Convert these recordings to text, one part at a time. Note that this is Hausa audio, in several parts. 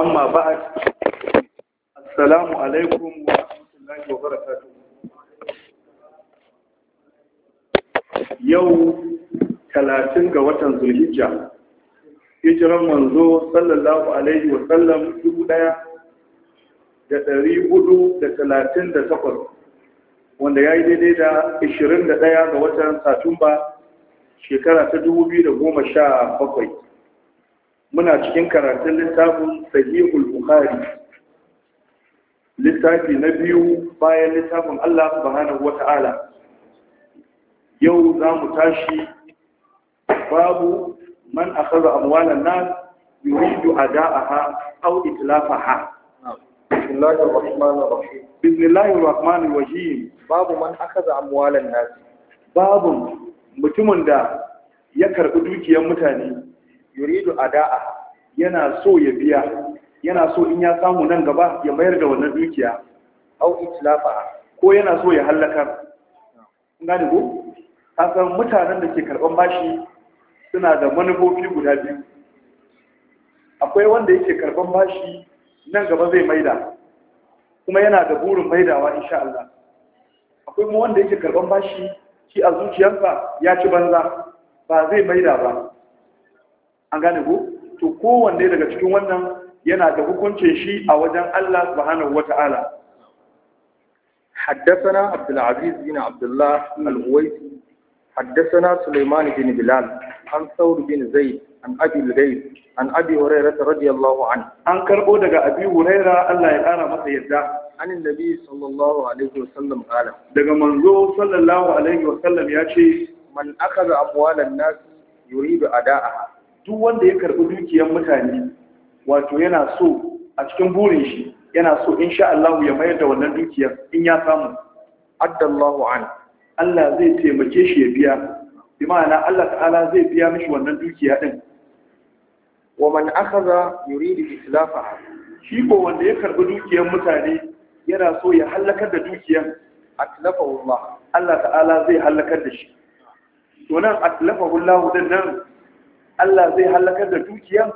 amma assalamu alaikum wa rahmatullahi wa barakatuh yau talatin ga watan zulhijja hijiran manzo sallallahu alaihi wa sallam dubu daya da ɗari da talatin da takwas wanda ya yi daidai da ashirin da ɗaya ga watan satumba shekara ta dubu biyu da goma sha bakwai muna cikin karatun littafin sahihul bukhari littafi na biyu bayan littafin Allah subhanahu wata'ala yau za mu tashi babu man akhadha amwalan nas yuridu ada'aha aw itlafaha bismillahir rahmanir rahim babu man akhadha الرحمن nas babu mutumin da ya karɓi dukiyar mutane yuridu ada'a yana so ya biya yana so in ya samu nan gaba ya mayar da wannan dukiya au itlafa ko yana so ya hallakar ngani ko kasan mutanen da ke karban bashi suna da manufofi guda biyu akwai wanda yake karban bashi nan gaba zai maida kuma yana da burin maidawa insha Allah akwai kuma wanda yake karban bashi shi a zuciyarsa ya ci banza ba zai maida ba an gane ku to kowanne daga cikin wannan yana da hukuncin shi a wajen Allah subhanahu wata'ala haddathana abdul aziz bin abdullah al-uwaisi haddathana sulaiman bin bilal an saur bin zaid an abi al an abi hurairah radiyallahu anhu an karbo daga abi hurairah Allah ya kara masa yadda an annabi sallallahu alaihi wasallam kala daga manzo sallallahu alaihi wasallam yace man akaza amwalan nas yuridu ada'aha duk wanda ya karɓi dukiyar mutane wato yana so a cikin burin shi yana so insha Allah ya mayar da wannan dukiyar in ya samu addallahu an Allah zai taimake shi ya biya bi ma'ana Allah ta'ala zai biya mishi wannan dukiya din wa man akhadha yuridu islafaha shi ko wanda ya karɓi dukiyar mutane yana so ya halakar da dukiyar atlafahu Allah Allah ta'ala zai halakar da shi to nan atlafahu Allah din nan Allah zai halakar da dukiyan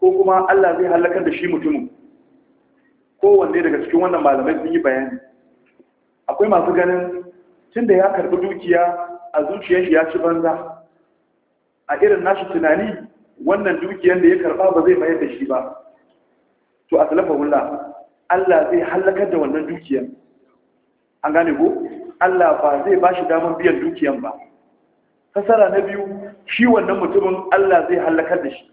ko kuma Allah zai halakar da shi mutumin kowanne daga cikin wannan malamai sun yi bayani akwai masu ganin tunda ya karbi dukiya a zuciyar shi ya ci banza a irin nashi tunani wannan dukiyar da ya karba ba zai mayar da shi ba to a talafahullah Allah zai halakar da wannan dukiyar an gane ko Allah ba zai ba shi damar biyan dukiyar ba fasara na biyu shi wannan mutumin Allah zai halakar da shi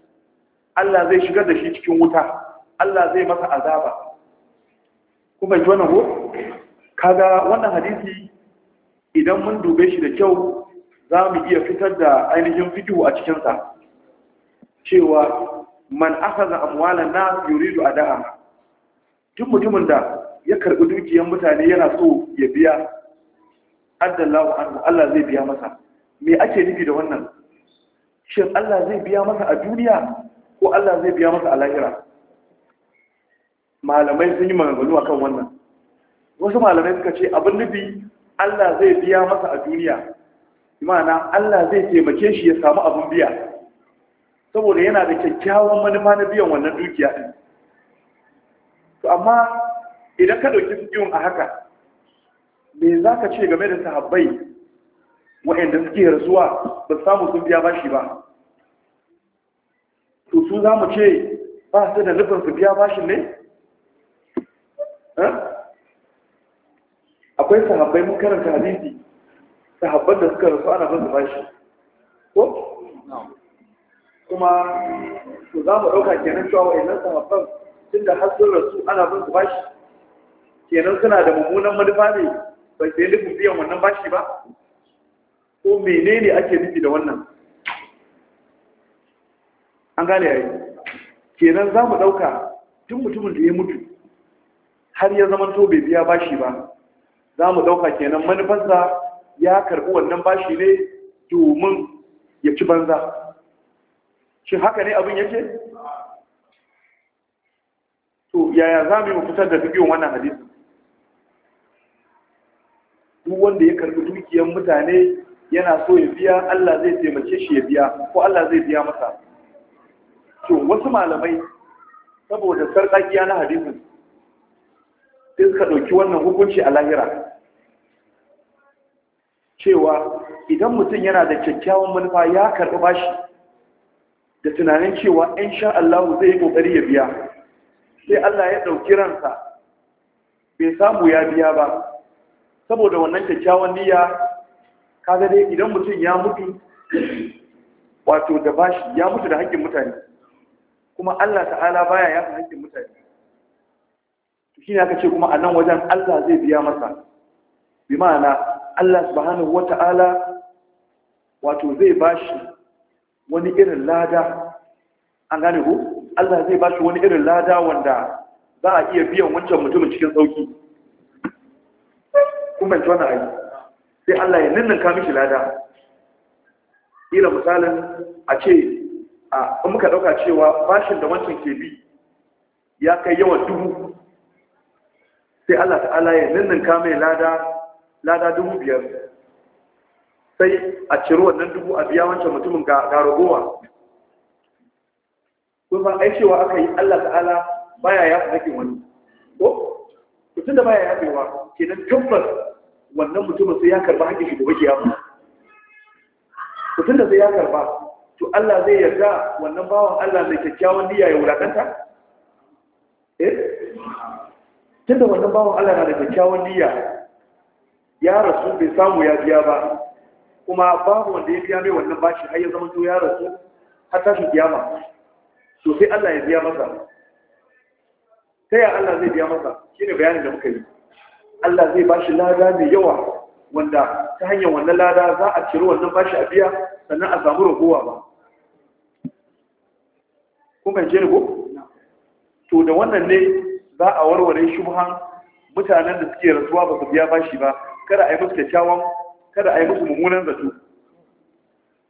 Allah zai shigar da shi cikin wuta Allah zai masa azaba kuma ji wannan ko kaga wannan hadisi idan mun dube shi da kyau za mu iya fitar da ainihin fikihu a cikin sa cewa man akhadha amwalan nas yuridu adaha duk mutumin da ya karbi dukiyar mutane yana so ya biya addallahu anhu Allah zai biya masa me ake nufi da wannan shin Allah zai biya masa a duniya ko Allah zai biya masa a lahira malamai sun yi maganganu akan wannan wasu malamai suka ce abin nufi Allah zai biya masa a duniya imana Allah zai taimake shi ya samu abin biya saboda yana da kyakkyawan manufa na biyan wannan dukiya ɗin to amma idan ka ɗauki su a haka me za ka ce game da sahabbai Wa'inda suke rasuwa ba samu sun biya bashi ba to su za mu ce ba su da nufin su biya bashi ne? Eh? akwai sahabbai mun karanta hadisi sahabban da suka rasu ana basu bashi ko? kuma su za mu ɗauka kenan cewa wa'annan sahabban tun da har rasu ana basu bashi kenan suna da mummunan manufa ne ba sai nufin biyan wannan bashi ba ko menene ake nufi da wannan an gane yayi kenan za mu ɗauka tun mutumin da ya mutu har ya zama to bai biya bashi ba za mu ɗauka kenan manufarsa ya karɓi wannan bashi ne domin ya ci banza shi haka ne abin yake? to yaya za mu yi fitar da fikiyon wannan hadisi duk wanda ya karɓi dukiyan mutane yana so ya biya Allah zai taimake shi ya biya ko Allah zai biya masa to wasu malamai saboda sarƙaƙiya na hadisi sai suka ɗauki wannan hukunci a lahira cewa idan mutum yana da kyakkyawan manufa ya karɓi bashi da tunanin cewa in sha Allah zai yi ƙoƙari ya biya sai Allah ya ɗauki ransa bai samu ya biya ba saboda wannan kyakkyawan niyya kaga dai idan mutum ya mutu wato da bashi ya mutu da haƙƙin mutane kuma Allah ta'ala baya yafa haƙƙin mutane shi ne aka ce kuma a nan wajen Allah zai biya masa bi ma'ana Allah subhanahu wata'ala wato zai bashi wani irin lada an gane ku Allah zai bashi wani irin lada wanda za a iya biyan wancan mutumin cikin sauki kuma ji wannan aiki sai Allah ya ka mishi lada ila misalin a ce a muka dauka cewa bashin da wancan ke bi ya kai yawan dubu sai Allah ta'ala ya ka mai lada lada dubu biyar sai a ciro wannan dubu a biya wancan mutumin ga ragowa kun san ai cewa aka yi Allah ta'ala baya ya fi wani ko mutum da baya ya fi wa kenan tabbas wannan mutumin sai ya karba hakkin shi gobe kiyama to tunda sai ya karba to Allah zai yarda wannan bawan Allah mai kyakkyawan niyya ya wulakanta eh tunda wannan bawan Allah na da kyakkyawan niyya ya rasu bai samu ya biya ba kuma babu wanda ya biya mai wannan bashi har ya zama to ya rasu har shi kiyama to sai Allah ya biya masa ta ya Allah zai biya masa shine bayanin da muka yi Allah zai bashi lada mai yawa wanda ta hanyar wannan lada za a ciro wannan bashi a biya sannan a samu ragowa ba kuma ya ce ko to da wannan ne za a warware shubhan mutanen da suke rasuwa ba su biya bashi ba kada a yi musu kyakkyawan kada a yi musu mummunan zato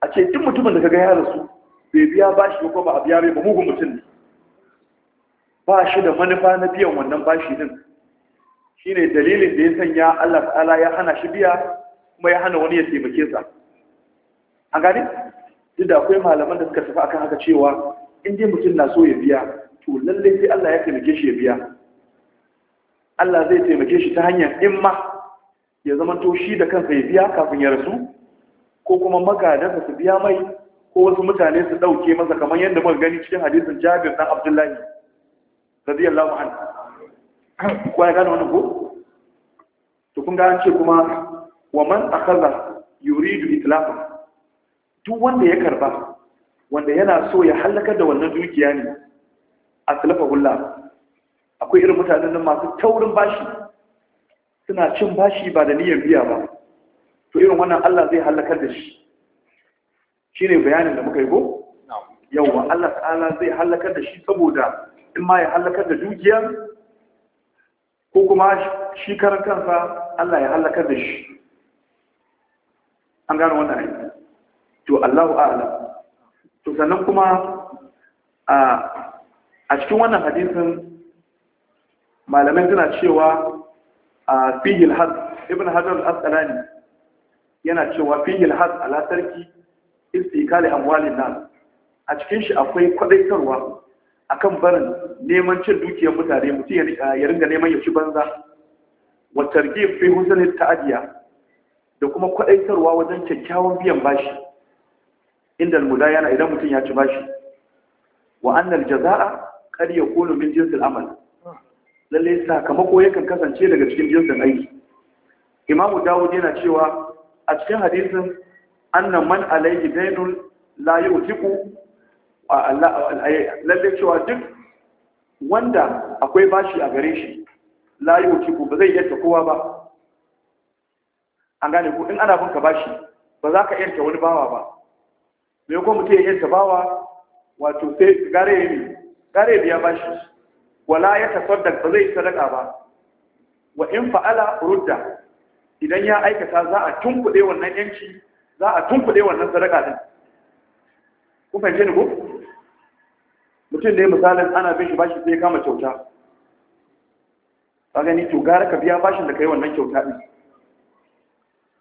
a ce duk mutumin da kaga ya rasu bai biya bashi ba ko ba a biya bai ba mugun mutum ne ba shi da manufa na biyan wannan bashi din shine dalilin da ya sanya Allah ta'ala ya hana shi biya kuma ya hana wani ya taimake sa an gane duk da akwai malaman da suka tafi akan haka cewa in dai mutum na so ya biya to lalle sai Allah ya taimake shi ya biya Allah zai taimake shi ta hanyar imma ya zama to shi da kansa ya biya kafin ya rasu ko kuma magadansa su biya mai ko wasu mutane su dauke masa kamar yadda muka gani cikin hadisin Jabir dan Abdullahi radiyallahu anhu kwaya ya wani wannan ko to kun ga an ce kuma wa man yuri yuridu itilafa duk wanda ya karba wanda yana so ya halaka da wannan dukiya ne tilafa hula akwai irin mutanen nan masu taurin bashi suna cin bashi ba da niyyar biya ba to irin wannan Allah zai halakar da shi Shi ne bayanin da muka yi go yawa Allah ta'ala zai halakar da shi saboda in ma ya hallakar da dukiyar ko kuma shi karan kansa Allah ya halakar da shi an gano wannan aiki to Allahu a'lam to sannan kuma a a cikin wannan hadisin malamai suna cewa a fihil had ibn hajar al-asqalani yana cewa fihil had ala tarki istiqali amwalin nas a cikin shi akwai kwadaitarwa akan barin neman cin dukiyar mutane mutum ya ringa neman ya ci banza wa targe fi husnil ta'diya da kuma kwadaitarwa wajen kyakkyawan biyan bashi inda almudayana idan mutum ya ci bashi wa annal jazaa karya yakunu min jinsil amal lalle sakamako yakan kasance daga cikin jinsin aiki imamu dawud yana cewa a cikin hadisin annan man alayhi daynun la yutiqu lalle cewa duk wanda akwai bashi a gare shi layi wakiku ba zai yanta kowa ba an gane ku in ana bunka bashi ba za ka yanta wani bawa ba mai kuma mutum ya yanta bawa wato sai gare ne gare biya bashi wala ya da ba zai sadaka ba wa in fa'ala rudda idan ya aikata za a tunkuɗe wannan yanci za a tunkuɗe wannan sadaka din kun fahimce ni ku? mutum ya misalin ana bin shi bashi sai kama kyauta ba gani to gara ka biya bashin da ka yi wannan kyauta ɗin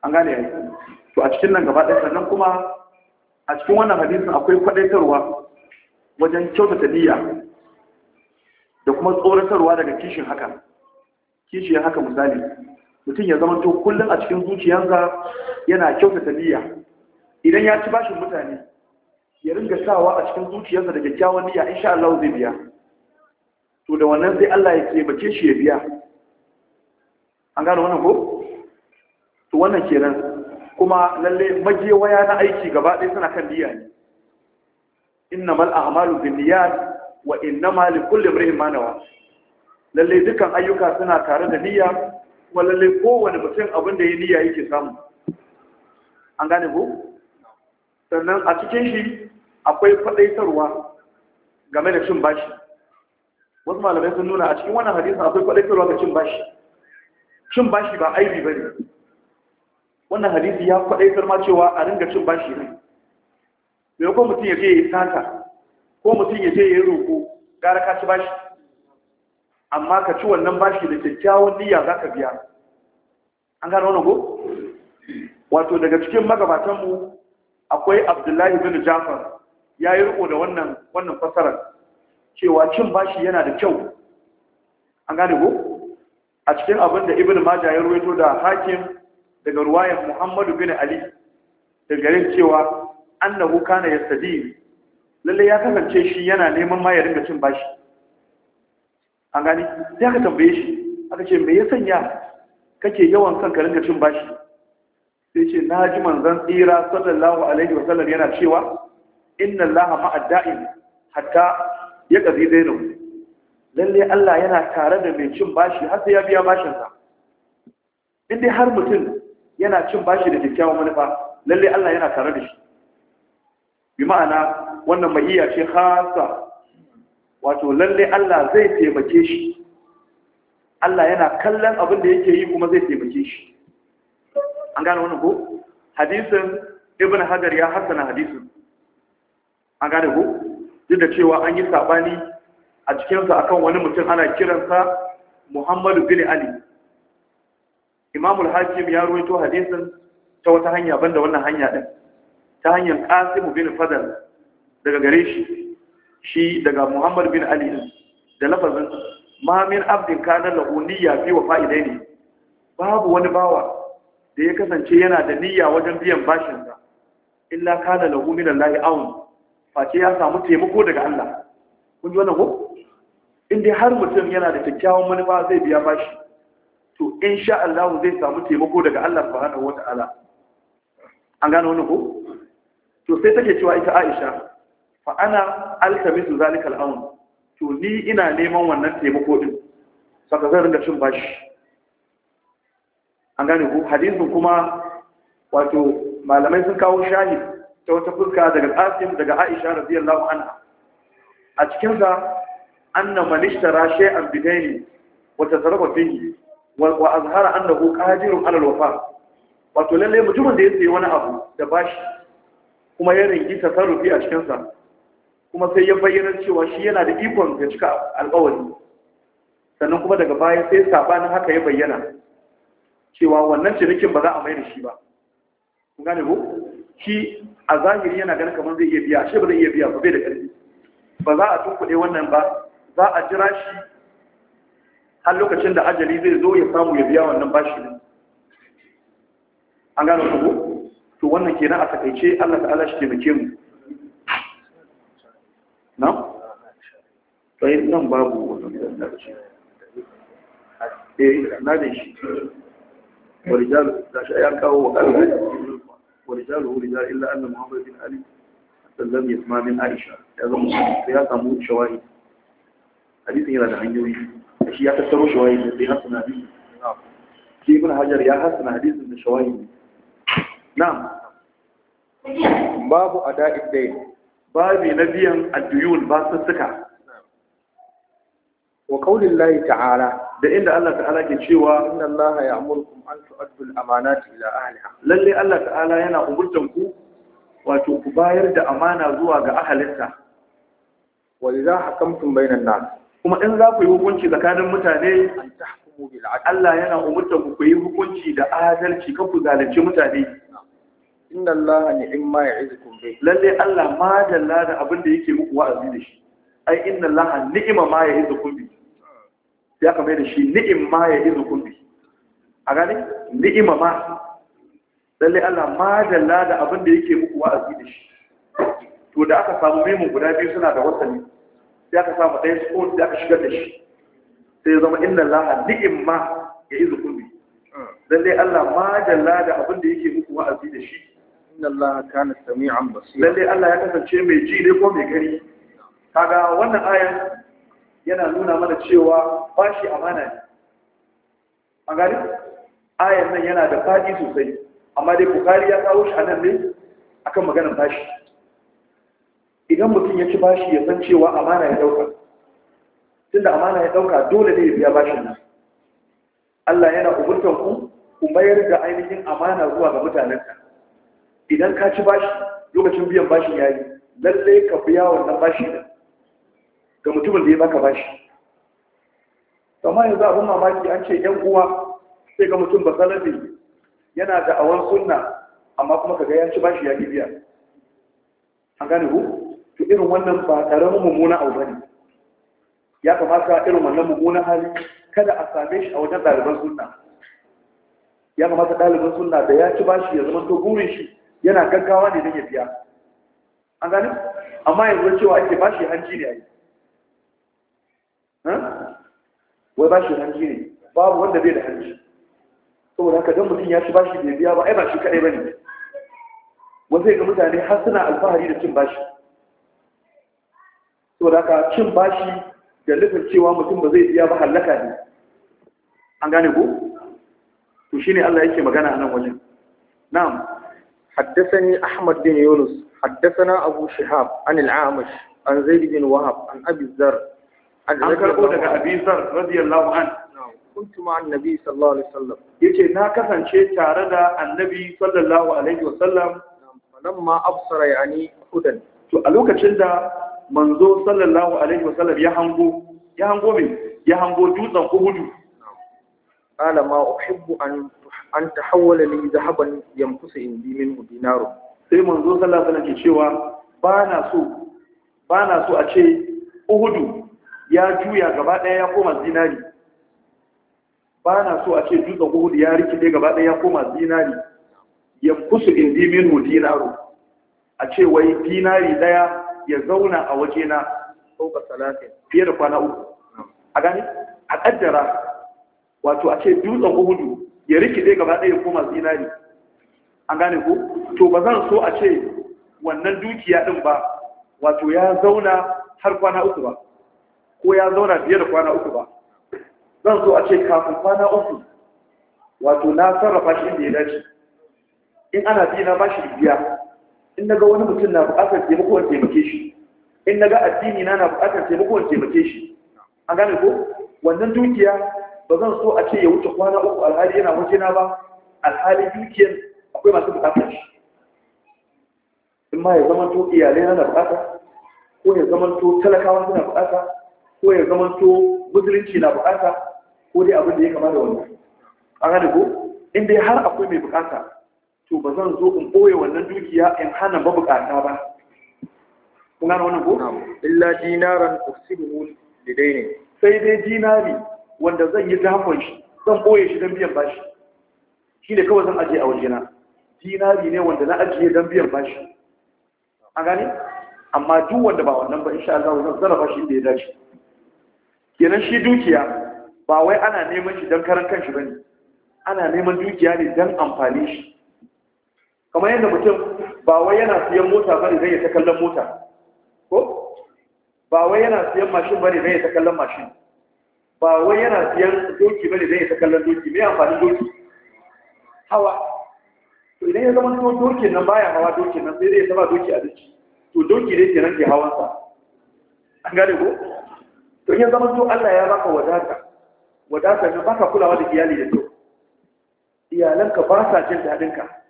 an gane yi. to a cikin nan gaba ɗaya sannan kuma a cikin wannan hadisin akwai kwadaitarwa wajen kyautata biya da kuma tsoratarwa daga kishin haka kishiyar haka misali mutum ya zama to kullum a cikin zuciyarsa yana kyautata biya idan ya ci bashin mutane ya ringa sawa a cikin zuciyarsa da kyakkyawan niyya insha Allah zai biya to da wannan sai Allah ya taimake shi ya biya an gano wannan ko to wannan kenan kuma lalle waya na aiki gaba ɗaya suna kan niyya ne innamal a'malu binniyat wa innama likulli imrin ma nawa lalle dukan ayyuka suna tare da niyya kuma lalle kowane mutum abin da ya niyya yake samu an gane ko sannan a cikin shi akwai faɗaitarwa game da cin bashi wasu malamai sun nuna a cikin wannan hadisin akwai faɗaitarwa ga cin bashi cin bashi ba aibi ba ne wannan hadisi ya faɗaitar ma cewa a ringa cin bashi ne mai ko mutum ya je ya yi sata ko mutum ya je ya yi roƙo gara ka ci bashi amma ka ci wannan bashi da kyakkyawan niyya za ka biya an gano wannan ko wato daga cikin magabatanmu akwai abdullahi bin jafar ya yi riko da wannan wannan fasarar cewa cin bashi yana da kyau an gane ko a cikin abin da ibn majah ya ruwaito da hakim daga ruwayan muhammadu bin ali da garin cewa annahu kana yastadi lalle ya kasance shi yana neman ma ya ringa cin bashi an gani sai aka tambaye shi aka ce me ya sanya kake yawan son ka ringa cin bashi sai ce na ji manzon tsira sallallahu alaihi wasallam yana cewa inna allaha ma'a da'in hatta ya kazi dainu lalle Allah yana tare da mai cin bashi har sai ya biya bashin sa in dai har mutum yana cin bashi da kyakkyawan manufa lalle Allah yana tare da shi bi ma'ana wannan iya ce khassa wato lalle Allah zai taimake shi Allah yana kallon abin da yake yi kuma zai taimake shi an gane wannan ko hadisin ibn hajar ya hasana hadisin an gane ku duk da cewa an yi saɓani a cikinsa akan wani mutum ana kiransa muhammadu bin ali imamul hakim ya ruwaito hadisin ta wata hanya banda wannan hanya ɗin ta hanyar kasimu bin fadal daga gare shi shi daga muhammadu bin ali da lafazin mamin abdin kana lahu niyya fi wa fa'idai ne babu wani bawa da ya kasance yana da niyya wajen biyan bashinsa illa kana lahu min allahi aun face ya samu taimako daga Allah kun ji wannan ko in dai har mutum yana da kyakkyawan manufa zai biya bashi to insha Allah zai samu taimako daga Allah subhanahu wata'ala an gano wannan ko to sai take cewa ita Aisha fa ana alkamisu zalika al'aun to ni ina neman wannan taimako din saka zan ringa cin bashi an gane ko hadisin kuma wato malamai sun kawo shahidi ta wata fuska daga ƙasim daga aisha radiyallahu anha a cikinsa, sa anna man ishtara shay'an bidaini wa tasarrafa fihi wa azhara annahu qadirun ala al-wafa wato lalle mutumin da ya sayi wani abu da bashi kuma ya ringi tasarrufi a cikinsa. kuma sai ya bayyana cewa shi yana da ikon ya cika alƙawari sannan kuma daga baya sai sabanin haka ya bayyana cewa wannan cinikin ba za a mai da shi ba shi a zahiri yana ganin kamar zai iya biya shi ba zai iya biya ba bai da ƙarfi ba za a tunkuɗe wannan ba za a jira shi har lokacin da ajali zai zo ya samu ya biya wannan bashi ne an gano ku to wannan kenan a takaice Allah Allah shi taimake mu na to nan babu wannan da shi eh na da shi wal da shi ya kawo wa kalbi ورجاله رجال إلا أن محمد بن علي لم يسمع من عائشة يا سامو شواهد حديث إلى ده أشياء شيء شواهد في حسن حديث نعم ابن حجر يا حسن حديث من شواهد نعم باب أداء الدين باب نبيا الديون باسسكا نعم. وقول الله تعالى da inda Allah ta'ala ke cewa inna Allah ya ya'murukum an tu'addu al-amanati ila ahliha lalle Allah ta'ala yana umurtan ku wato ku bayar da amana zuwa ga ahalinta wa idza hakamtum bainan nas kuma in za ku yi hukunci tsakanin mutane an tahkumu bil adl Allah yana umurtan ku ku yi hukunci da adalci kan ku zalunci mutane inna Allah ma ya'izukum bi lalle Allah ma dalla da abin da yake muku wa'azi da shi ai inna Allah ni'ima ma ya'izukum bi sai aka mai da shi ni'im ma ya izu kumbi a gani ni'ima ma lalle Allah ma dalla da abin da yake muku wa'azi da shi to da aka samu memun guda biyu suna da wasani sai aka samu ɗaya spoon sai aka shigar da shi sai zama inna laha ni'im ma ya izu kumbi lalle Allah ma dalla da abin da yake muku wa'azi da shi inna Allah kana sami'an basira lalle Allah ya kasance mai ji ne ko mai gani kaga wannan ayan yana nuna mana cewa bashi amana ne A gani ayan nan yana da faɗi sosai amma dai bukari ya kawo shi a nan ne akan maganar bashi idan mutum ya ci bashi ya san cewa amana ya ɗauka tunda amana ya ɗauka dole ne ya biya bashin nan Allah yana umurtan ku ku mayar da ainihin amana zuwa ga mutanenka idan ka ci bashi lokacin biyan bashin yi, lallai ka biya wannan bashi nan ga mutumin da ya baka bashi amma yanzu abin mamaki an ce yan uwa sai ga mutum basalabi yana da awon sunna amma kuma kaga ya ci bashi ya biya an gane ku to irin wannan ba mu mummuna abu bane ya kamata irin wannan mummuna hali kada a same shi a wajen ɗaliban sunna ya kamata ɗaliban sunna da ya ci bashi ya zama to burin shi yana gaggawa ne don ya biya an gani amma yanzu cewa ake bashi hanci ne a yi wai ba shi hanji ne babu wanda bai da hanji saboda haka don mutum ya ci bashi bai biya ba ai ba shi kaɗai ba ne wasu ga mutane har suna alfahari da cin bashi saboda haka cin bashi da nufin cewa mutum ba zai biya ba hallaka ne an gane ko to shine Allah yake magana a nan wajen na'am حدثني أحمد بن يونس حدثنا أبو شهاب عن العامش عن زيد بن وهب عن أبي الزر an karbo daga abisar radiyallahu an kuntu ma annabi sallallahu alaihi wasallam yace na kasance tare da annabi sallallahu alaihi wasallam falamma absara yani hudan to a lokacin da manzo sallallahu alaihi wasallam ya hango ya hango me ya hango dutsen uhudu qala ma uhibbu an an tahawwala li dhahaban yamkusu indi min dinaru sai manzo sallallahu alaihi wasallam ke cewa ba so ba na so a ce uhudu ya juya gaba ɗaya ya koma zinari ba na so a ce dutsen uhud ya rikide gaba ɗaya ya koma zinari ya kusu indi mu dinaro a ce wai dinari ɗaya ya zauna a waje na sauka salatin fiye da kwana uku a gani a ƙaddara wato a ce dutsen uhudu ya rikide gaba ɗaya ya koma zinari an gane ku to ba zan so a ce wannan dukiya ɗin ba wato ya zauna har kwana uku ba ko ya zauna biyar da kwana uku ba zan so a ce kafin kwana uku wato na sarrafa shi inda ya dace in ana biya na bashi biya in naga wani mutum na buƙatar taimako wani taimake shi in naga addini na na buƙatar taimako wani taimake shi an gane ko wannan dukiya ba zan so a ce ya wuce kwana uku alhali yana waje na ba alhali dukiyar akwai masu buƙatar shi in ma ya zama to iyalai na na buƙata ko ya zama to talakawa suna buƙata ko ya zama to musulunci na bukata ko dai abin da ya kama da wannan an ga ko in dai har akwai mai bukata to ba zan zo in boye wannan dukiya in hana ba bukata ba kun gane wannan ko illa dinaran usibu lidaini sai dai dinari wanda zan yi dafon shi zan boye shi don biyan bashi shi ne kawai zan ajiye a wajena dinari ne wanda na ajiye don biyan bashi a gani amma duk wanda ba wannan ba insha Allah zan zarafa shi da ya dace kenan shi dukiya ba wai ana neman shi don karan kanshi ba ne ana neman dukiya ne don amfani shi kamar yadda mutum ba wai yana siyan mota ba ne zai ta kallon mota ko ba wai yana siyan mashin ba ne zai ta kallon mashin ba wai yana siyan doki ba ne zai ta kallon doki mai amfanin doki hawa to idan ya zama to dokin nan baya hawa dokin nan sai zai ta ba doki a doki to doki dai kenan ke hawansa an gane ko to ya zama to Allah ya baka wadata wadata ne baka kulawa da iyali da kyau iyalanka ba sa jin daɗinka. ka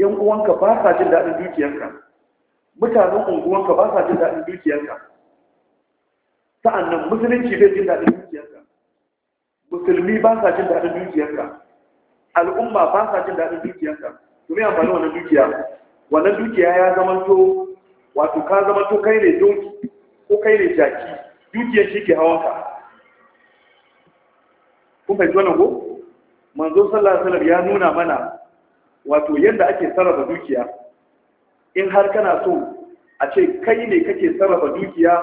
ƴan uwanka ba sa jin daɗin dukiyarka mutanen unguwanka ba sa jin daɗin dukiyarka sa'annan musulunci bai jin daɗin dukiyarka musulmi ba sa jin daɗin dukiyarka al'umma ba sa jin daɗin dukiyarka to me amfani wannan dukiya wannan dukiya ya to wato ka to kai ne doki ko kai ne jaki dukiyar shi ke hawanka kun fahimci wannan ko manzo sallallahu alaihi wasallam ya nuna mana wato yadda ake sarrafa dukiya in har kana so a ce kai ne kake sarrafa dukiya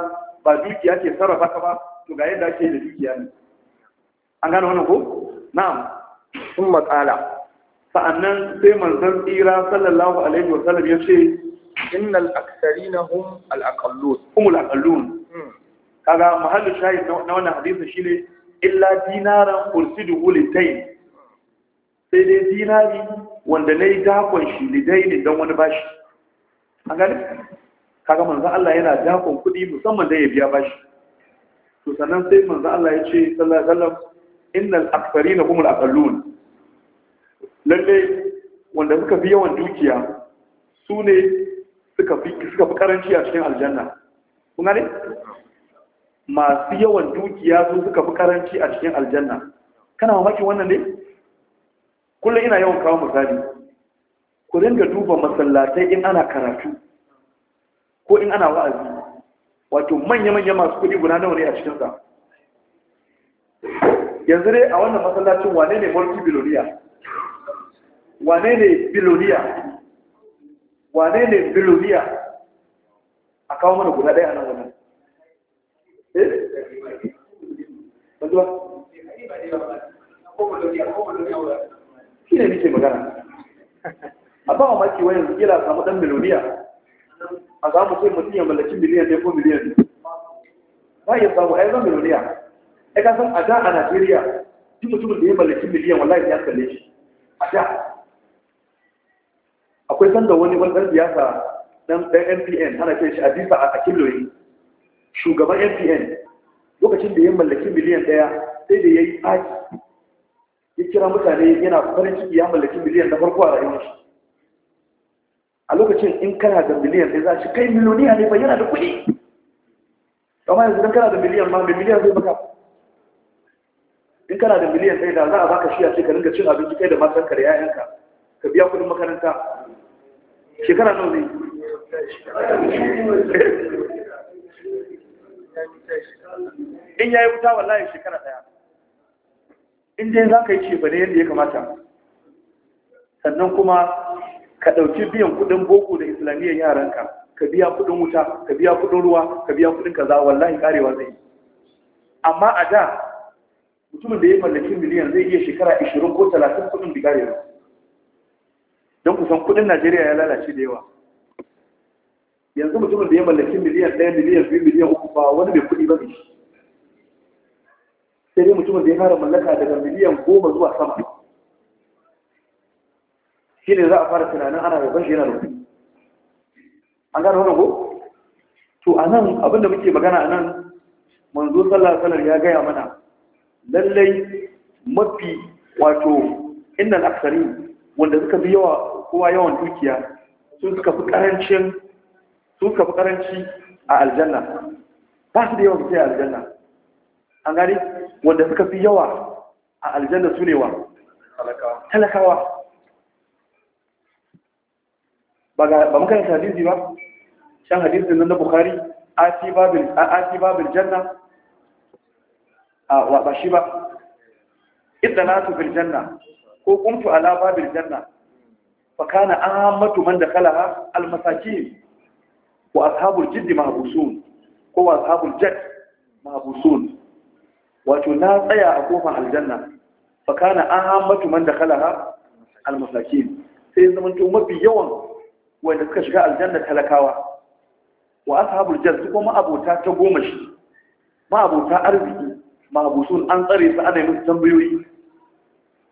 ba dukiya ke sarrafa ka ba to ga yadda ake da dukiya ne an gane wannan ko na'am sun matsala sa'annan sai manzon tsira sallallahu alaihi wasallam ya ce innal aksarina hum al aqallun hum al aqallun kaga mahallin shahid na wannan hadisi shine illa dinaran ursidu litayn sai dai dinari wanda nayi dakon shi ne don wani bashi an gani kaga manzo Allah yana dakon kuɗi musamman da ya biya bashi to sannan sai manzo Allah ya ce sallallahu alaihi aksari na aktharina humul aqallun lalle wanda suka fi yawan dukiya su ne suka fi karanci a cikin aljanna kun gane masu yawan dukiya su suka fi karanci a cikin aljanna kana mamakin wannan ne kullum ina yawan kawo misali ku ringa duba masallatai in ana karatu ko in ana wa'azi wato manya-manya masu kudi guda nawa ne a cikinsa yanzu dai a wannan masallacin wane ne mulki biloniya wane ne biloniya wane ne biloniya a kawo mana guda ɗaya a nan ba shi ne nike magana a ba maki wayan kila samu dan a samu sai mutum ya mallaki miliyan ɗaya ko miliyan ba ya samu ai zan ka san a da a Najeriya duk mutumin da ya mallaki miliyan wallahi ya kalle shi a da akwai sanda wani wani siyasa dan NPN ana kai shi a bisa a killoyi shugaban NPN lokacin da ya mallaki miliyan ɗaya sai da ya yi aji ya kira mutane yana farin ciki ya mallaki miliyan na farko a rayuwar shi a lokacin in kana da miliyan ɗaya za shi kai miliyoniya ne fa yana da kuɗi amma yanzu don kana da miliyan ma mai miliyan zai baka in kana da miliyan ɗaya da za a baka shi a ce ka dinga cin abinci kai da matan da 'ya'yanka ka biya kuɗin makaranta shekara nawa ne in ya yi wuta wallahi shekara ɗaya in dai za ka yi ce ba ne yadda ya kamata sannan kuma ka ɗauki biyan kuɗin boko da islamiyyar yaranka ka biya kuɗin wuta ka biya kuɗin ruwa ka biya kuɗin kaza wallahi karewa zai amma a da mutumin da ya mallaki miliyan zai iya shekara 20 ko 30 kuɗin bigarewa don kusan kuɗin najeriya ya lalace da yawa yanzu mutumin da ya mallaki miliyan ɗaya miliyan biyu miliyan uku ba wani mai kuɗi ba ne shi sai dai mutumin da ya fara mallaka daga miliyan goma zuwa sama shi ne za a fara tunanin ana yaban shi yana da kuɗi an gane wani ko to a nan abinda muke magana a nan manzo sallah sallar ya gaya mana lallai mafi wato inda aksari wanda suka fi yawa kowa yawan dukiya sun suka fi ƙarancin su ka fi karanci a aljanna ba su da yawan fiye a aljanna an gani wanda suka fi yawa a aljanna su ne wa talakawa ba muka yin hadisi ba shan hadisi nan na bukari ati babin janna a ba shi ba su bil janna ko kuntu ala babin janna fa kana ahammatu man dakhalaha al masakin wa ashabul ma mahbusun ko wa ashabul jadd mahbusun wato na tsaya a kofar aljanna fa kana ahammatu man dakhalaha almasakin sai zaman to mafi yawan wanda suka shiga aljanna talakawa wa ashabul jadd su ma abota ta goma shi ma abota arziki ma abusun an tsare su ana musu tambayoyi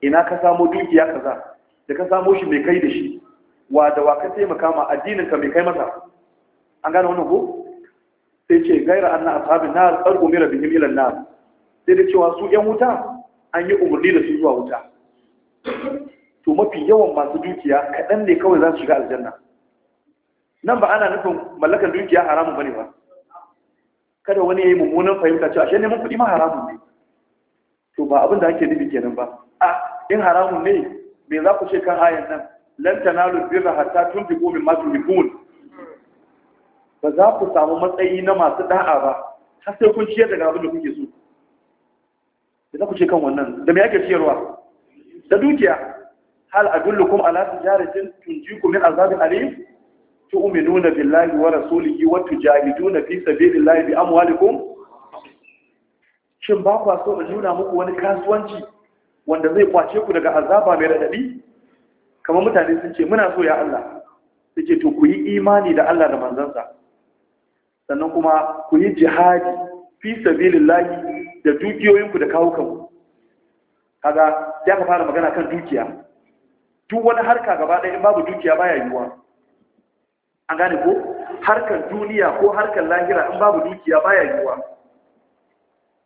ina ka samo dukiya kaza da ka samo shi mai kai da shi wa da wa ka taimaka ma addinin ka mai kai masa an gane wannan ko sai ce gaira anna na na qad umira bihim ila na sai da cewa su yan wuta an yi umarni da su zuwa wuta to mafi yawan masu dukiya kaɗan ne kawai za su shiga aljanna nan ba ana nufin mallakar dukiya haramun bane ba kada wani ya yi mummunan fahimta cewa ashe neman kuɗi ma haramun ne to ba abin da ake nufi kenan ba a in haramun ne me za ku ce kan ayan nan Lantana tanalu birra tun tunfiqu masu tuhibun ba za ku samu matsayi na masu da'a ba har sai kun ciyar daga abin da kuke so da za ku ce kan wannan da me yake ciyarwa da dukiya hal adullukum ala tijaratin tunjikum min azabin alim tu'minuna billahi wa rasulihi wa tujahiduna fi sabilillahi bi amwalikum shin ba ku so in nuna muku wani kasuwanci wanda zai kwace ku daga azaba mai radadi kamar mutane sun ce muna so ya Allah suke to ku yi imani da Allah da manzansa sannan kuma ku yi jihadi fi sabilillahi da dukiyoyinku da kawo kanku kaga ya ka fara magana kan dukiya duk wani harka gaba ɗaya in babu dukiya baya yiwuwa an gane ko harkar duniya ko harkar lahira in babu dukiya baya yiwuwa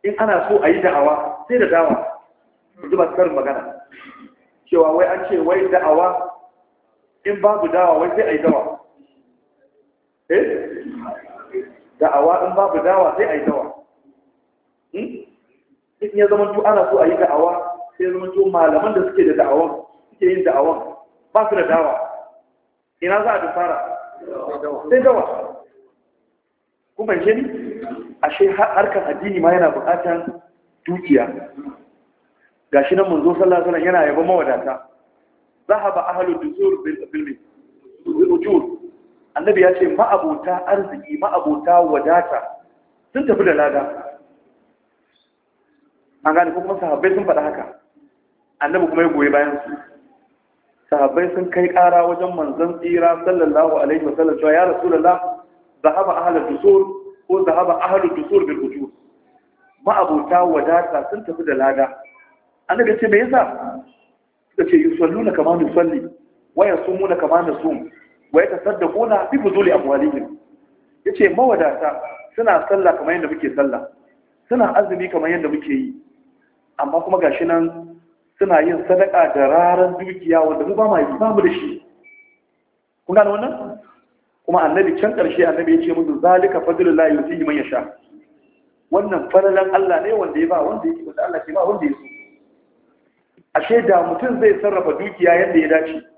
in ana so a yi da'awa sai da dawa zuba karin magana cewa wai an ce wai da'awa in babu dawa wai sai a yi dawa eh da'awa in babu dawa sai a yi dawa hmm? in ya zama tu ana so a yi da'awa sai ya zama tu malaman da suke da da'awan suke yin da'awan ba su da dawa ina za a fara? sai dawa kuma shi ne ashe harkar addini ma yana buƙatar dukiya shi nan mun zo sallah wasallam yana yaba mawadata zahaba ahlud dusur bil bil ujur annabi ya ce ma'abota arziki ma'abota wadata sun tafi da lada an gane ko kuma sahabbai sun faɗa haka annabi kuma ya goyi bayan su sahabbai sun kai ƙara wajen manzon tsira sallallahu alaihi wa sallam cewa ya rasulullah zahaba ahlul dusur ko zahaba ahlul dusur bil ujur ma'abota wadata sun tafi da lada annabi ya ce me yasa suka ce yusalluna kama wayan sun muna kama sun. wa ta saddaquna bi buzuli amwalihim yace mawadata suna sallah kamar yadda muke sallah suna azumi kamar yadda muke yi amma kuma gashi nan suna yin sadaka da raran dukiya wanda mu ba ma yi ba mu da shi kun gane wannan kuma annabi can karshe annabi ya ce musu zalika fadlullahi yusihi man yasha wannan fadalan Allah ne wanda ya ba wanda yake wanda Allah ke ba wanda ya so ashe da mutum zai sarrafa dukiya yadda ya dace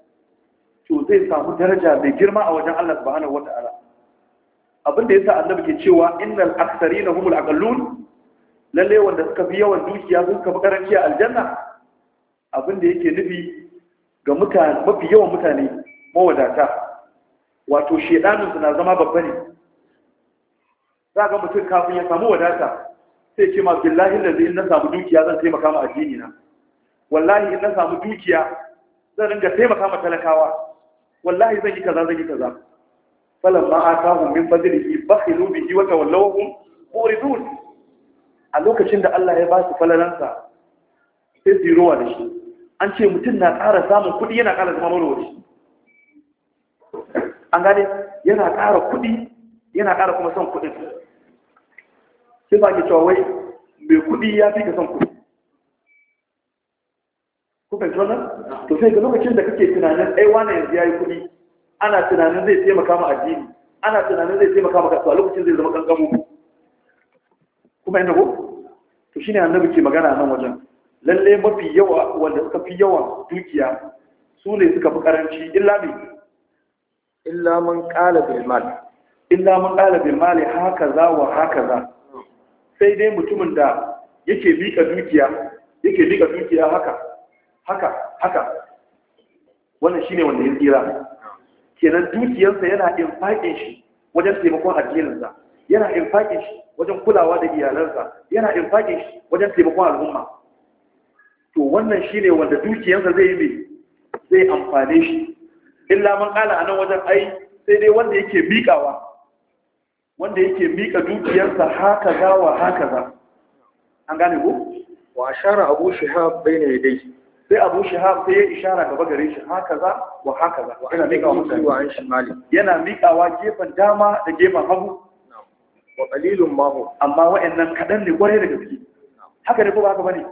to zai samu daraja mai girma a wajen Allah subhanahu wata'ala abin da yasa annabi ke cewa innal aktharina humul aqallun lalle wanda suka fi yawan dukiya sun kafa karanci a aljanna abin da yake nufi ga mutane mafi yawan mutane mawadata wato shedanin na zama babba ne za ga mutum kafin ya samu wadata sai ce ma billahi lalle in na samu dukiya zan taimaka ma addini na wallahi in na samu dukiya zan ringa taimaka ma talakawa wallahi zan yi kaza zan yi kaza falan ma atahum min fadlihi bakhilu bihi wa tawallawhum muridun a lokacin da Allah ya ba su falalansa sai su ruwa da shi an ce mutum na ƙara samun kuɗi yana ƙara zama marowari an gane yana ƙara kuɗi yana ƙara kuma son kuɗin sai ba ke cewa wai mai kuɗi ya fi ka son kuɗi ku fahimci wannan to sai ga lokacin da kake tunanin ai wani yanzu yayi kuɗi ana tunanin zai taimaka ma addini ana tunanin zai taimaka maka kasuwa lokacin zai zama kankamu kuma ina ko to shine annabi ke magana nan wajen lalle mafi yawa wanda suka fi yawa dukiya su ne suka fi karanci illa me illa man qala bil mal illa man qala bil mal za wa za sai dai mutumin da yake bika dukiya yake bika dukiya haka haka haka wannan shine wanda ya tsira kenan dukiyarsa yana infaƙin shi wajen taimakon addininsa yana infaƙin shi wajen kulawa da iyalansa yana infaƙin shi wajen taimakon al'umma to wannan shine wanda dukiyarsa zai yi mai zai amfane shi illa man kala anan wajen ai sai dai wanda yake miƙawa wanda yake miƙa dukiyarsa haka za wa haka za an gane ko wa Shara abu shahab bayna yadayhi sai abu shahab sai ya ishara gaba gare shi haka za wa haka za yana miƙawa mutane yana miƙawa gefen dama da gefen hagu wa qalilun ma amma wa'annan kadan ne kwarai daga gaske haka ne ko haka bane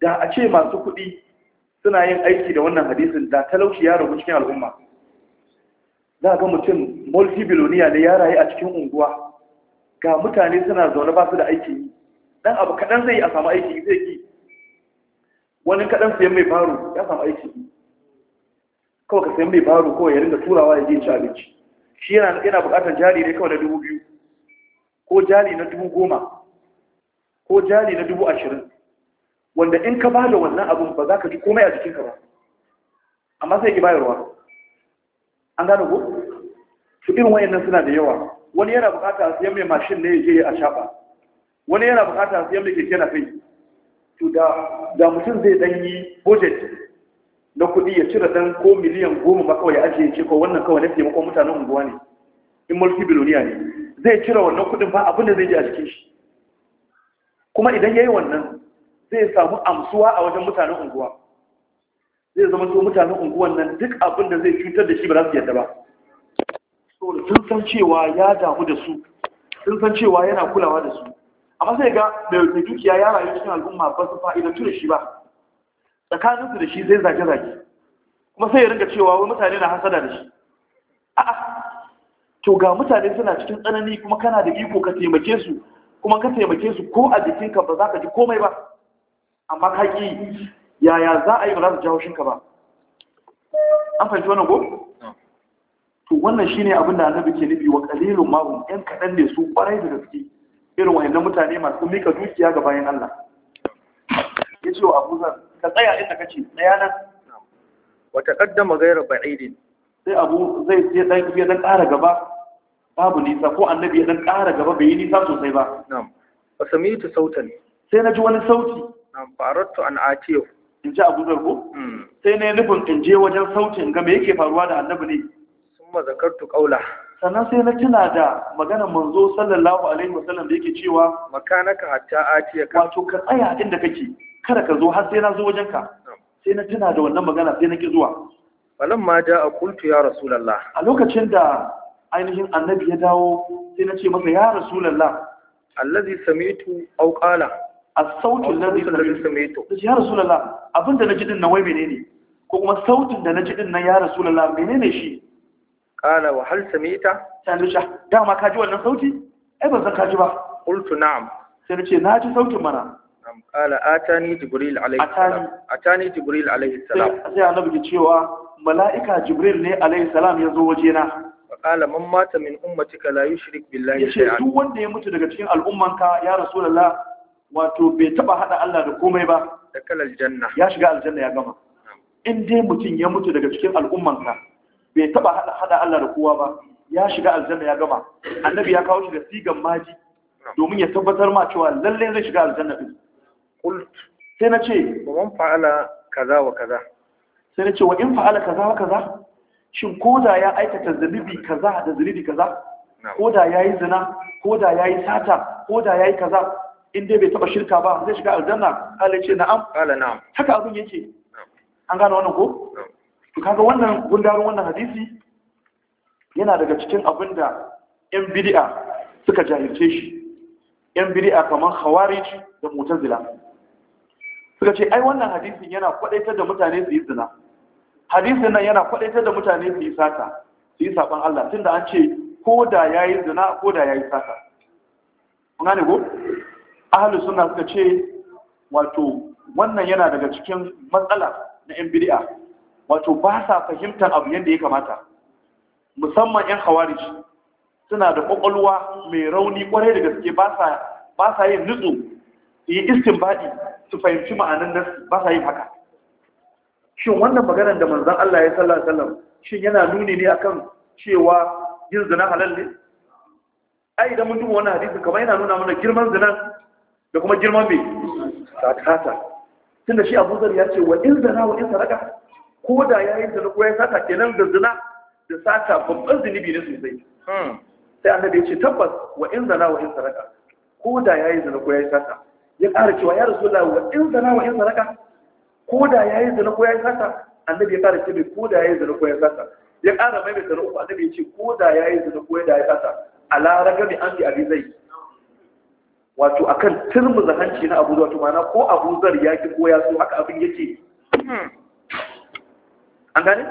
da a ce masu kuɗi suna yin aiki da wannan hadisin da talauci ya rabu cikin al'umma za ga mutum multi-biloniya ne ya rayu a cikin unguwa ga mutane suna zaune ba su da aiki dan abu kadan zai yi a samu aiki zai yi wani kaɗan siyan mai baro ya samu aiki kawai ka siyan mai baro kawai ya ringa turawa ya je ci abinci shi yana buƙatar jari ne kawai na dubu biyu ko jari na dubu goma ko jari na dubu ashirin wanda in ka bada wannan abin ba za ka ji komai a jikinka ba amma sai ki bayarwa an gano ko su irin wayannan suna da yawa wani yana buƙatar siyan mai mashin ne ya je a shafa wani yana buƙatar siyan mai keke na kai to da mutum zai dan yi budget na kuɗi ya cire dan ko miliyan goma ba kawai ya ajiye ce ko wannan kawai na taimakon mutanen unguwa ne in mulki biloniya ne zai cire wannan kuɗin ba abin da zai ji a cikin shi kuma idan ya yi wannan zai samu amsuwa a wajen mutanen unguwa zai zama to mutanen unguwan nan duk abin da zai cutar da shi ba za su yadda ba saboda sun san cewa ya damu da su sun san cewa yana kulawa da su amma sai ga mai dukiya ya rayu cikin al'umma ba su fa'ida da shi ba tsakaninsu da shi zai zage-zage kuma sai ya ringa cewa wai mutane na hasada da shi a'a to ga mutane suna cikin tsanani kuma kana da iko ka taimake su kuma ka taimake su ko a jikinka ba za ka ji komai ba amma ka ki yaya za a yi ba za su jawo shinka ba an fahimci wannan ko to wannan shine abin da annabi ke nufi wa qalilun ma yan kadan ne su kwarai da gaske irin wayannan mutane masu mika dukiya ga bayan Allah ya ce wa abu zar ka tsaya inda kace tsaya nan wa taqaddama ghayra ba'idin sai abu zai ya dan ya ɗan ƙara gaba babu nisa ko annabi ya dan ƙara gaba bai yi nisa sosai ba Ba na'am fa sauta sautan sai na ji wani sauti faratu an atiyo in ji abu zar ko hmm. sai na yi nufin in je wajen sautin ga me yake faruwa da annabi ne summa tu ƙaula. sannan sai na tuna da maganar manzo sallallahu alaihi wasallam da yake cewa makanaka hatta ka wato ka tsaya inda kake kada ka zo har sai na zo wajenka sai na tuna da wannan magana sai na ki zuwa ma da akultu ya rasulullah a lokacin da ainihin annabi ya dawo sai na ce masa ya rasulullah allazi sami'tu aw qala as-sautu allazi sami'tu ya rasulullah abinda naji din nan wai menene ko kuma sautin da naji din nan ya rasulullah menene shi Kala wa hal samita sai nace dama ka ji wannan sauti ai ban san kaji ba qultu na'am sai nace na ji sautin mana na'am qala atani jibril alayhi salam atani jibril alayhi salam sai annabi ya cewa mala'ika jibril ne alayhi salam ya zo waje na qala man mata min ummatika la yushrik billahi shay'an duk wanda ya mutu daga cikin al'ummanka ya rasulullah wato bai taba hada Allah da komai ba da janna ya shiga aljanna ya gama in dai mutum ya mutu daga cikin al'ummanka bai taba hada hada Allah da kowa ba ya shiga aljanna ya gama annabi ya kawo shi da sigan maji domin ya tabbatar ma cewa lalle zai shiga aljanna din qult sai na ce wa man fa'ala kaza wa kaza sai na ce wa in fa'ala kaza wa kaza shin ko da ya aikata zulubi kaza da zulubi kaza ko da yayi zina ko da yayi sata ko da yayi kaza in dai bai taba shirka ba zai shiga aljanna Allah ce na'am qala na'am haka abin yake an gano wannan ko kaga wannan gundarin wannan hadisi yana daga cikin abin da yan bid'a suka jahilce shi yan bid'a kamar khawarij da mu'tazila suka ce ai wannan hadisin yana kwadaitar da mutane su yi zina hadisin nan yana kwadaitar da mutane su yi sata su yi saban Allah tunda an ce ko da yayi zina ko da yayi sata kun gane ko ahlus sunna suka ce wato wannan yana daga cikin matsala na yan bid'a wato ba sa fahimtar abu yadda ya kamata musamman 'yan hawarici suna da kwakwalwa mai rauni kwarai da gaske ba sa yin nutsu yi baɗi, su fahimci ma'anin nasi ba sa yin haka shin wannan maganar da manzan Allah ya sallar sallar wasallam shin yana nuni ne akan cewa yin zina halal ne ai idan mun duba wannan hadisi kamar yana nuna mana girman zina da kuma girman mai sakata tunda shi Abu zari ya ce wa in zina wa in saraka ko da ya yi zina ko ya sata kenan da zina da sata babban zunubi ne sosai hmm. sai annabi ya ce tabbas wa in zana wa in saraka ko da ya yi zina ko ya yi sata ya ƙara cewa ya rasu wa in zana wa in saraka ko da ya yi zina ko ya yi sata annabi ya ƙara ce mai ko da ya yi zina ko ya yi sata ya ƙara mai mai zina uku annabi ya ce ko da ya yi zina ko ya yi sata laraga mai an bi abin zai wato akan turmuza hanci na abu wato mana ko abu zar ya ki ko ya so haka abin yake hmm. an gane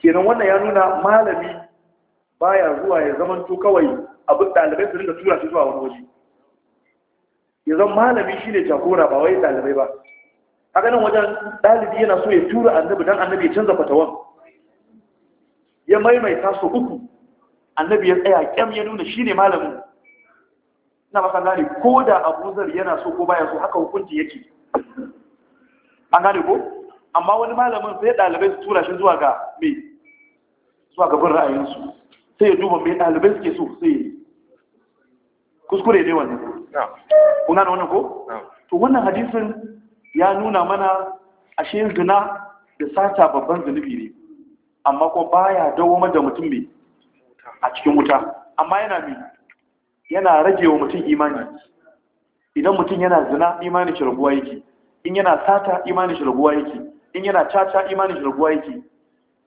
kenan wannan ya nuna malami baya zuwa ya zaman to kawai abin ɗalibai su ringa tura shi zuwa wani waje ya zama malami shi ne jagora ba wai ɗalibai ba a ganin wajen dalibi yana so ya tura annabi don annabi ya canza fatawan ya maimaita su uku annabi ya tsaya kyam ya nuna shi ne malamin na maka gane ko da abuzar yana so ko baya so haka hukunci yake an gane ko amma wani malamin sai dalibai su tura shi zuwa ga me zuwa gaban ra'ayinsu sai ya duba me dalibai suke so sai ya kuskure ne wannan kuna da wannan ko to wannan hadisin ya nuna mana ashe zina da sata babban zunubi ne amma ko baya dawo da mutum me a cikin wuta amma yana me yana rage wa mutum imani idan mutum yana zina imani shi raguwa yake in yana sata imani shi raguwa yake in yana caca imanin shi raguwa yake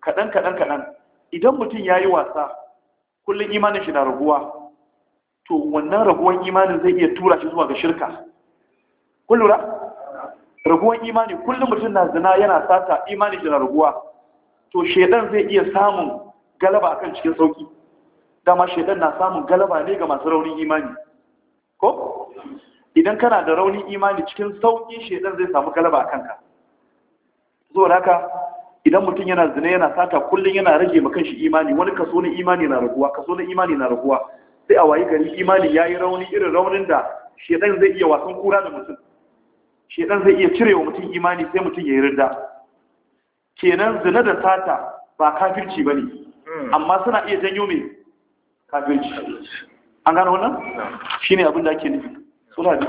kaɗan kaɗan kaɗan idan mutum ya yi wasa kullum imanin shi na raguwa to wannan raguwan imanin zai iya tura shi zuwa ga shirka kun raguwan imani kullum mutum na zina yana sata imanin shi na raguwa to shaidan zai iya samun galaba akan cikin sauki dama shaidan na samun galaba ne ga masu raunin imani ko idan kana da raunin imani cikin sauki shaidan zai samu galaba akan ka saboda haka idan mutum yana zina yana sata kullum yana rage makan shi imani wani kaso na imani na raguwa kaso na imani na raguwa sai a wayi gari imani ya yi rauni irin raunin da shedan zai iya wasan kura da mutum shedan zai iya cirewa mutum imani sai mutum ya yi rinda kenan zina da sata ba kafirci ba ne hmm. amma suna iya janyo mai kafirci an gano wannan shi ne abin da ake nufi suna da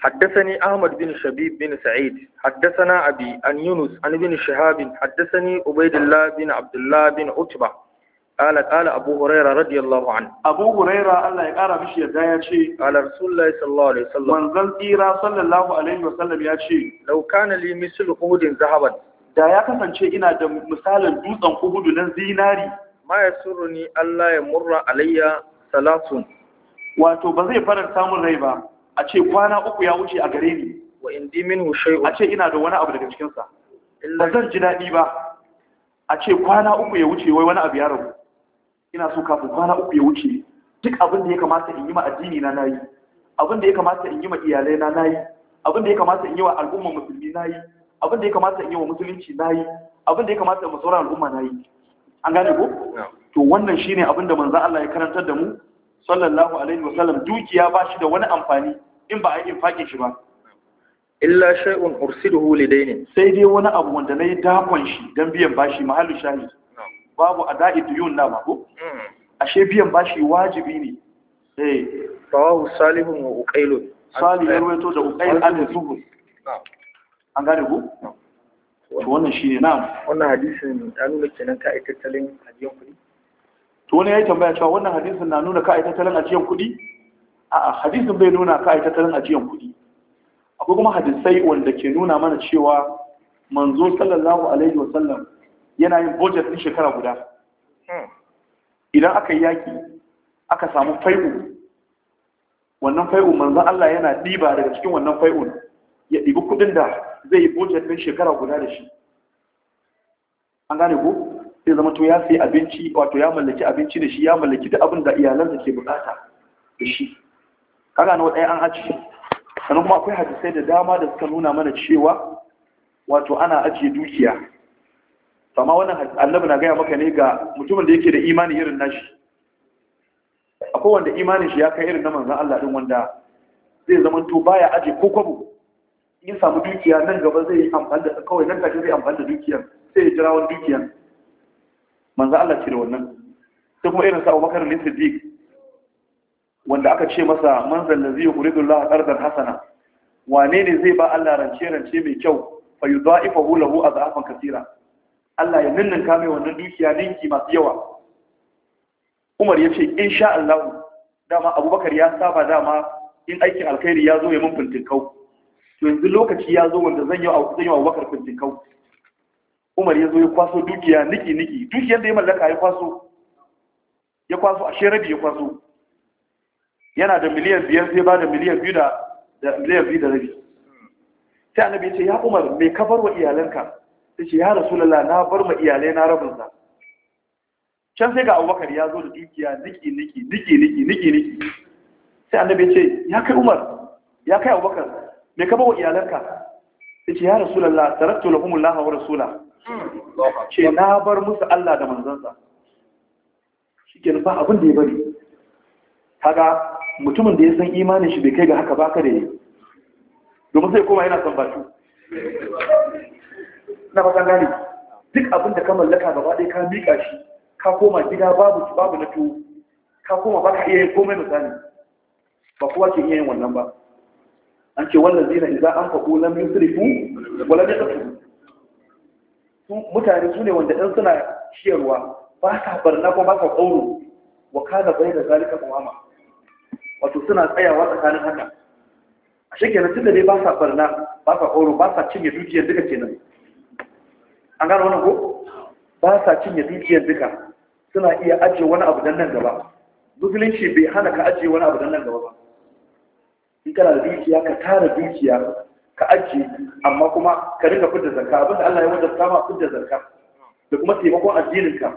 حدثني أحمد بن شبيب بن سعيد حدثنا أبي عن يونس عن ابن شهاب حدثني عبيد الله بن عبد الله بن عتبة قال قال أبو هريرة رضي الله عنه أبو هريرة الله يقرأ بشي يا شيء قال رسول الله صلى الله عليه وسلم وانزل إيرا صلى الله عليه وسلم يا شيء لو كان لي مثل أهود ذهبا da ya kasance ina da misalin dutsen uhudu na zinari ma ya suruni Allah ya murra alayya salatun wato ba zai faranta mun rai ba a ce kwana uku ya wuce a gare ni wa a ce ina da wani abu daga cikin sa ba zan ji daɗi ba a ce kwana uku ya wuce wai wani abu ya rabu ina so kafin kwana uku ya wuce duk abin da ya kamata in yi ma addini na nayi abin da ya kamata in yi ma iyalai na nayi abin da ya kamata in yi wa al'umma musulmi nayi abin da ya kamata in yi wa musulunci nayi abin da ya kamata wa sauran al'umma nayi an gane ko to wannan shine abin da manzo Allah ya karantar da mu sallallahu alaihi wa sallam dukiya ba shi da wani amfani in ba a yi infake shi ba illa shay'un ursiluhu lidayn sai dai wani abu wanda nayi dakon shi dan biyan bashi mahallu shahid babu ada'i duyun na ko hmm. ashe biyan bashi wajibi ne eh rawahu salihun wa uqailun salih ya to da uqail al-zuhri an gane ku to wannan shine na wannan hadisin ya nuna kenan ka tattalin hadiyan kuɗi to wani ya yi tambaya cewa wannan hadisin na nuna ka'ai tattalin ajiyar kuɗi a hadisin bai nuna ka'ai tattalin ajiyar kuɗi akwai kuma hadisai wanda ke nuna mana cewa manzo sallallahu alaihi wasallam yana yin budget din shekara guda hmm. idan aka yi yaki aka samu fai'u wannan fai'u manzo Allah yana diba daga cikin wannan fai'u ya ɗibi kudin da zai yi budget din shekara guda da shi an gane ko sai zama to ya sai abinci wato ya mallaki abinci da shi ya mallaki da abin da iyalansa ke bukata da shi kaga na wadai an aji sannan kuma akwai hadisai da dama da suka nuna mana cewa wato ana ajiye dukiya amma wannan annabi na gaya maka ne ga mutumin da yake da imani irin nashi akwai wanda imanin shi ya kai irin na manzon Allah din wanda zai zama to baya aje ko kwabo in samu dukiya nan gaba zai amfani da kawai nan take zai amfani da dukiyar sai ya jira wani dukiyar manzo Allah ce da wannan sai kuma irin sa Bakar ne Siddiq wanda aka ce masa manzal ladhi yuridu Allah ardan hasana wane ne zai ba Allah rance rance mai kyau fa yudha'ifahu lahu adhafan katira Allah ya ka mai wannan dukiya ninki masu yawa Umar ya ce insha Allah dama Abubakar ya saba dama in aikin alkhairi ya zo ya mun fintinkau to yanzu lokaci ya zo wanda zan yi Abubakar fintinkau umar ya zo ya kwaso dukiya niki niki dukiyar da ya mallaka ya kwaso ya kwaso ashe rabi ya kwaso yana da miliyan biyar sai ba da miliyan biyu da miliyan biyu da rabi sai annabi ce ya umar mai ka bar wa iyalanka ta ce ya lalla na bar ma iyalai na rabin sa can sai ga abubakar ya zo da dukiya niki niki niki niki niki niki sai annabi ce ya kai umar ya kai abubakar mai ka bar wa iyalanka ta ce ya lalla taraktu lahumullah wa rasulah ce na bar musu Allah da manzansa shi ke ba abin da ya bari Haka mutumin da ya san imanin shi bai kai ga haka ba ka da yi domin sai kuma yana batu na fatan gani duk abin da ka mallaka gaba ɗaya ka miƙa shi ka koma gida babu su babu na tuwo ka koma ba ka iya yin komai misali ba kowa ke iya yin wannan ba an ce wannan zina idan an faɗo lam yusrifu wala yaqtu mutane su ne wanda ɗan suna shiyarwa ba sa barna ko ba sa ƙauro wa kana bai da zalika muhamma wato suna tsayawa tsakanin haka a na tunda dai ba sa barna ba sa ƙauro ba sa cinye dukiyar duka kenan an gano wannan ko ba sa cinye dukiyar duka suna iya ajiye wani abu dan nan gaba musulunci bai hana ka ajiye wani abu dan nan gaba ba in kana da dukiya ka tara dukiya ka ajiye amma kuma ka rinka fidda zarka abinda Allah ya wajabta ma fidda zarka da kuma taimakon addininka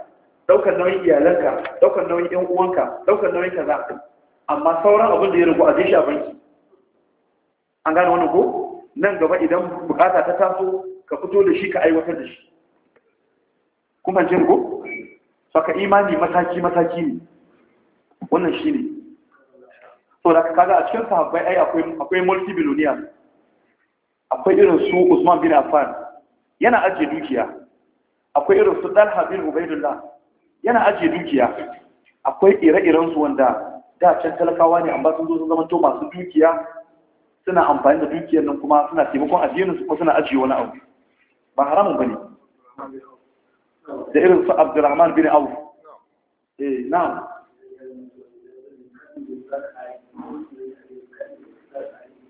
daukar nauyin iyalanka daukar nauyin yan uwanka daukar nauyin kaza amma sauran abin da ya rubu a je shafin ki banki an gane wani ko nan gaba idan bukata ta taso ka fito da shi ka aiwatar da shi kuma jin ko saka imani mataki mataki ne wannan shine so da kaga a cikin sahabbai ai akwai akwai multi billionaire akwai irin su Usman bin Affan yana ajiye dukiya akwai irin su Talha bin Ubaydullah yana ajiye dukiya akwai ire-iren su wanda da can talakawa ne amma sun zo sun zama to masu dukiya suna amfani da dukiyar nan kuma suna taimakon addinin su kuma suna ajiye wani abu ba haramun bane da irin su Abdurrahman bin Auf eh na'am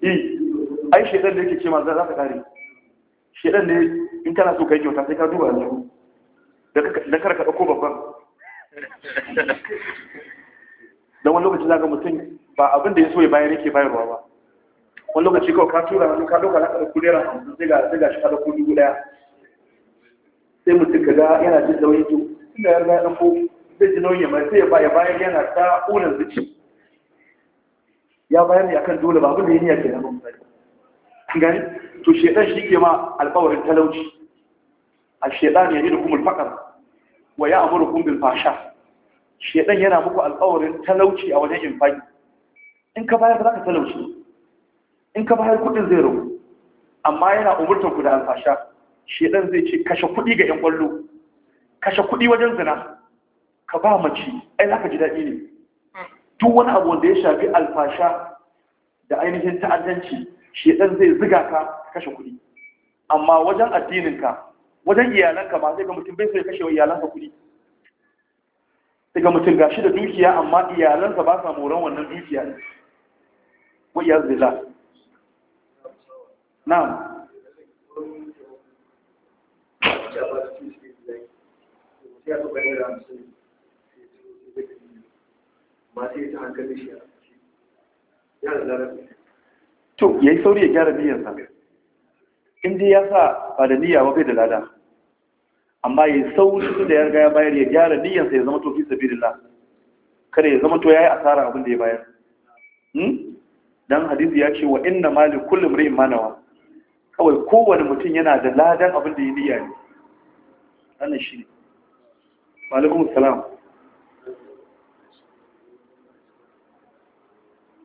eh ai shedan da yake ce ma za ka kare shedan ne in kana so kai kyauta sai ka duba ne da kar ka dauko babban dan wani lokaci zaka mutum ba abin da ya so ya bayar yake bayarwa ba wani lokaci kawai ka tura hannu ka dauka na kada kulera hamsin sai ga sai ga shi ka dauko dubu daya sai mutum ka ga yana jin nauyin to inda ya ga dauko zai ji nauyin mai sai ya bayar yana ta ƙunan zuci ya bayar ne akan dole ba abin da ya niyya ke nan ba gani to shedan shi ke ma alƙawarin talauci a shedan ya yi da kumul faƙar wa ya amuru kumbin fasha shedan yana muku alƙawarin talauci a wajen infaki in ka bayar za ka talauci in ka bayar kuɗin zai rabu amma yana umurtar ku da alfasha shedan zai ce kashe kuɗi ga 'yan kwallo. kashe kuɗi wajen zina ka ba mace ai za ka ji daɗi ne hmm. duk wani abu wanda ya shafi alfasha da ainihin ta'addanci shedan zai ziga ka kashe kuɗi amma wajen addininka wajen iyalanka ba zai ga mutum bai so ya kashe wa iyalanka kuɗi sai ga mutum gashi da dukiya amma iyalanka ba sa moran wannan dukiya ne wa ya billah na'am ya ta hankali shi ya to ya yi sauri ya gyara niyyarsa in dai ya sa ba da niyya ba bai da lada amma ya yi sauri da ya riga ya bayar ya gyara niyyarsa ya zama to fi sabilillah kada ya zama to ya yi asara abin da ya bayar hmm? dan hadisi ya ce wa inna ma li kulli imrin ma nawa kawai kowane mutum yana da ladan abin da ya niyya ne wannan shi wa alaikum salam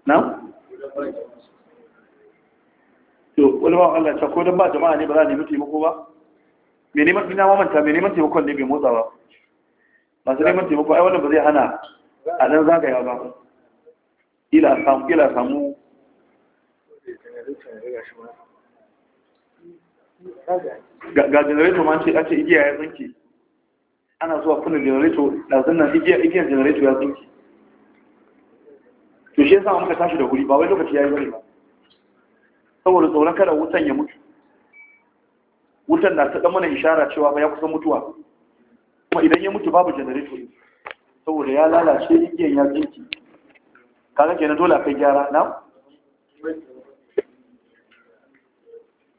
na to wani ba Allah ta ko dan ba jama'a ne ba za a nemi taimako ba me neman ina ma manta me neman taimakon ne bai motsa ba masu neman taimako ai wannan ba zai hana a nan ya ba ila samu ila samu ga generator ma ce ake igiya ya tsinki ana zuwa kuna generator ɗazin nan igiyar generator ya tsinki to shi yasa muka tashi da wuri ba wai lokaci ya yi bane ba saboda tsoron kada wutan ya mutu wutan na ta mana ishara cewa ba ya kusa mutuwa kuma idan ya mutu babu janareto saboda ya lalace igiyan ya jinki kaga kenan dole kai gyara na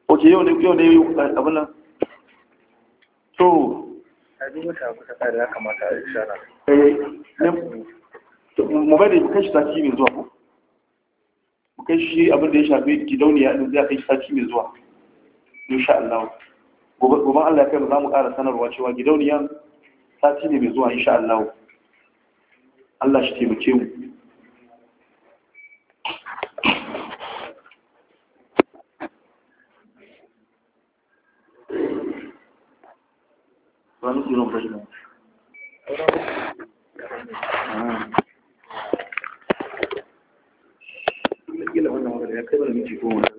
oke yau ne yau ne abin nan to eh, mu bai da kashi ta kimin zuwa kashi shi abin da ya shafi gidauniya din zai kai sati mai zuwa insha Allah gobe gobe Allah ya kai mu za mu ƙara sanarwa cewa gidauniya sati ne mai zuwa insha Allah Allah shi taimake mu Thank you. ya kai mana minti goma na